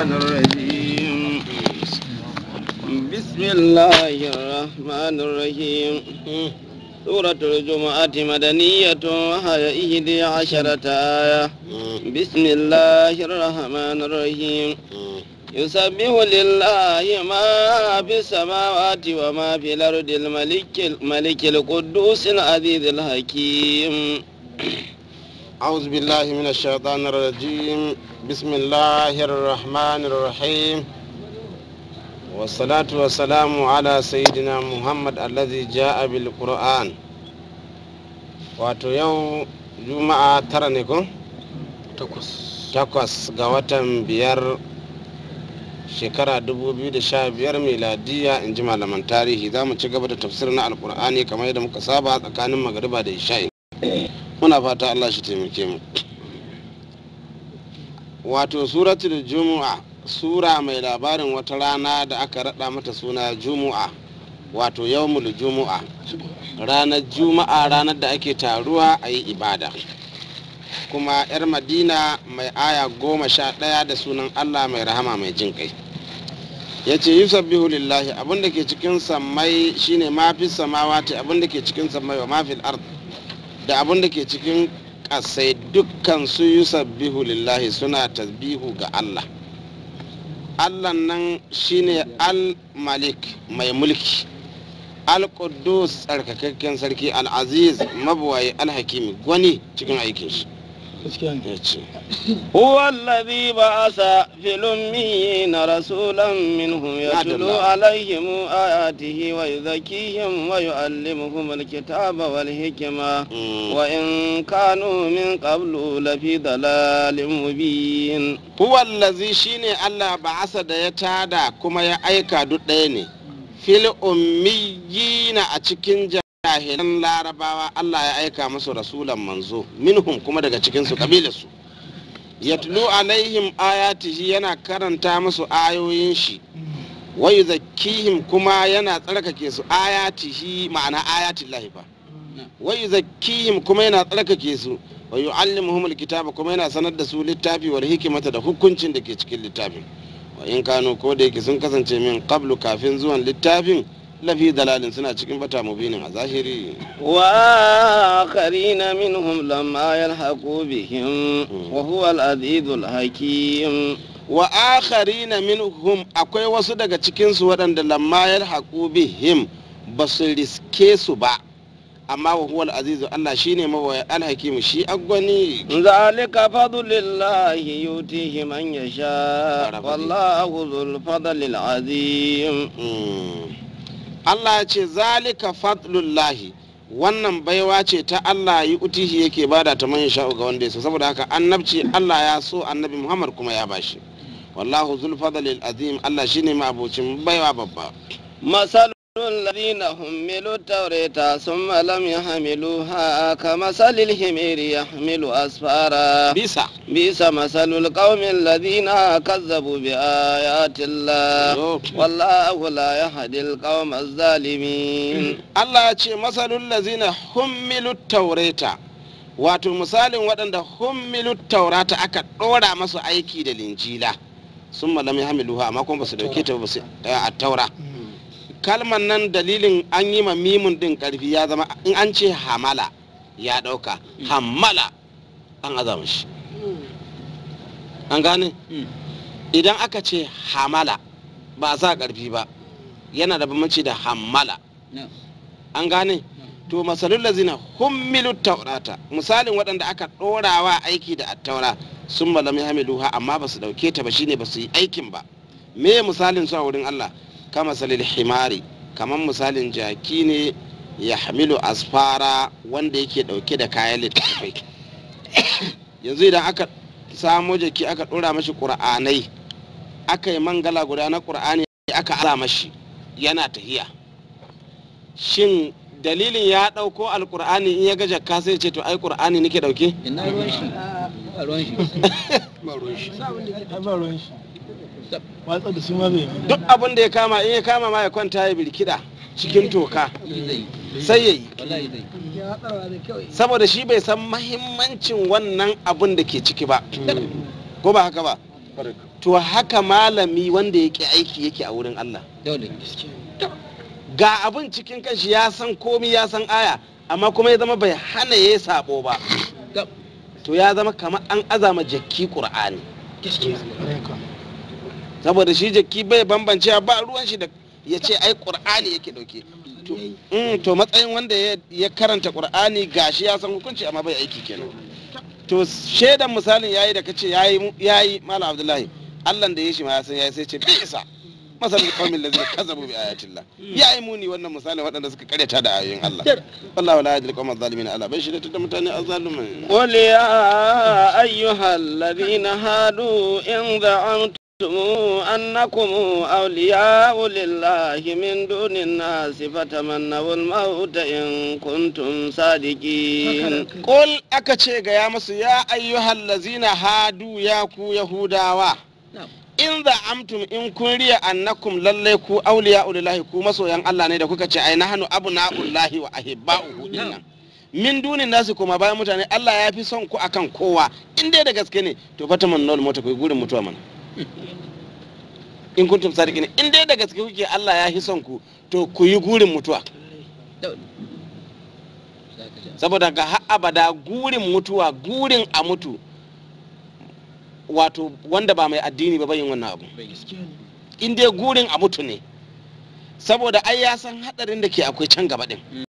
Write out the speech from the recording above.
الرحمن الرحيم بسم الله الرحمن الرحيم سورة الجمعة مدنية وهي إحدى عشرة آية بسم الله الرحمن الرحيم يسبح لله ما في السماوات وما في الأرض الملك الملك القدوس العزيز الحكيم أعوذ بالله من الشيطان الرجيم بسم الله الرحمن الرحيم والصلاة والسلام على سيدنا محمد الذي جاء بالقرآن wato yau juma'a tara ne ko? takwas ga watan biyar shekara mai miladiya in ji malaman tarihi za mu ci gaba da tafsir na alkur'ani kamar yadda muka saba tsakanin magariba da isha'i muna fata allah shi taimake mu wato suratul jumu'a sura mai labarin wata rana da aka raɗa mata suna jumu'a wato yawmul jumu'a ranar juma'a ranar da ake taruwa a yi ibada kuma 'yar madina mai aya goma sha ɗaya da sunan allah mai rahama mai jin kai ya ce yi sabbihu lillahi abinda ke cikin samai shine mafi samawa ce abinda ke cikin samai wa mafi ard da abin da ke cikin ƙasai dukkan su yusabbihu lillahi suna tasbihu ga Allah Allah nan shine al-malik mai mulki al kudus tsarkakakken sarki al-aziz mabuwaye al-hakimi gwani cikin aikin shi gaskiya ne ce wallazi filin miyi na rasulan minhum ya tulo alaihim ayatihi wa yuzakihim wa yu'allimuhum alkitaba wal hikma mm. wa in kanu min qablu la fi dalalin mubin wallazi shine Allah ba da ya tada kuma ya aika duk ɗaya ne fil ummiyina a cikin jahilan larabawa Allah ya aika musu rasulan manzo minhum kuma daga cikinsu su yatlu alaihim ayatihi yana karanta musu ayoyin shi wayu yuzakkihim kuma yana tsarkake su ayatihi ma'ana ayatillahi ba wayu kuma yana tsarkake su wayu allimuhum alkitaba kuma yana sanar da su littafi wal hikimata da hukuncin da ke cikin littafin wa in kano ko da yake sun kasance min qablu kafin zuwan littafin lafi dalalin suna cikin bata mubinin a zahiri wa karina minhum lamma yalhaqu bihim hmm. wa huwa al-azizul hakim wa akharina minhum akwai wasu daga cikin su waɗanda lamma yalhaqu bihim ba su riske su ba amma wa huwa al-azizu Allah shine mawaya al-hakim shi agwani zalika fadlillahi yutihi man yasha wallahu dhul fadlil azim hmm. Allah ya ce zalika fadlullahi wannan baiwa ce ta Allah yi utihi yake bada ta manyan sha'u ga wanda ya so saboda haka annabci Allah ya so annabi Muhammad kuma ya bashi wallahu zulfadlil azim Allah shine ma'abocin baiwa babba الذين حملوا التوراة ثم لم يحملوها كمثل الحمير يحمل أسفارا بيسا بيسا مثل القوم الذين كذبوا بآيات الله والله لا يهدي القوم الظالمين الله يقول مثل الذين حملوا التوراة wato misalin waɗanda hummilu taurata aka ɗora masu aiki da linjila sun malam ya hamiluha amma kuma ba su dauke ta ba su a taura kalman nan dalilin an yi ma mimun din karfi ya zama in an ce hamala ya dauka hmm. hamala an azama shi hmm. an gane hmm. idan aka ce hamala ba a karfi ba yana da bambanci da hamala an gane to masalul lazina hummilu taurata misalin waɗanda aka ɗorawa aiki da attaura sun malamai hamiluha amma ba su ɗauke ta ba shine ba su yi aikin ba me misalin su a wurin Allah kama salil himari kamar misalin jaki ne ya hamilu asfara wanda yake dauke da kayan littattafai yanzu idan aka samo jaki aka dora mashi ƙur'anai aka yi mangala guda na ƙur'ani aka ala mashi yana tahiya shin dalilin ya dauko alkur'ani in ya ga jakka sai ce to ai ƙur'ani nake dauke? ina ruwan shi duk abin da ya kama in ya kama ma ya kwanta ya birkida cikin toka sai ya yi saboda shi bai san mahimmancin wannan abin da ke ciki ba ko ba haka ba to haka malami wanda yake aiki yake a wurin Allah ga abin cikin kanshi ya san komi ya san aya amma kuma ya zama bai hana ya sabo ba to ya zama kamar an azama jakki ƙur'ani saboda shi jaki bai bambance ba ruwan shi da ya ce ai qur'ani yake dauke mm, to matsayin wanda ya karanta qur'ani gashi ya san hukunci amma bai aiki kenan to shaidan misalin yayi da kace yayi yayi malam abdullahi Allah da ya shi ma ya san yayi sai ce bi isa masal qawmin lazina kazabu bi ayatillah yayi muni wannan misalin waɗanda suka karyata da ayoyin Allah wallahi la yadil qawmal zalimin Allah bai shi da mutane azzalumin qul ya ayyuhal ladina hadu in za'amtum زعمتم أنكم أولياء لله من دون الناس فتمنوا الموت إن كنتم صادقين قل أكتشيك يا مصر يا أيها الذين هادوا ياكو يهودا in za amtum in kun riya annakum lallai ku auliya ulillahi ku masoyan Allah ne da kuka ce ai nahnu abna'ullahi wa ahibba'uhu min dunin nasu kuma bayan mutane Allah ya fi son ku akan kowa in dai da gaske ne to fataman nol mota ku gurin mutuwa mana in kuntum sadiqin in dai da gaske kuke Allah ya hi ku to ku yi gurin mutuwa saboda ga har abada gurin mutuwa gurin a mutu wato wanda ba mai addini ba bayin wannan abu in dai gurin a mutu ne saboda ai ya san hadarin da ke akwai can gaba din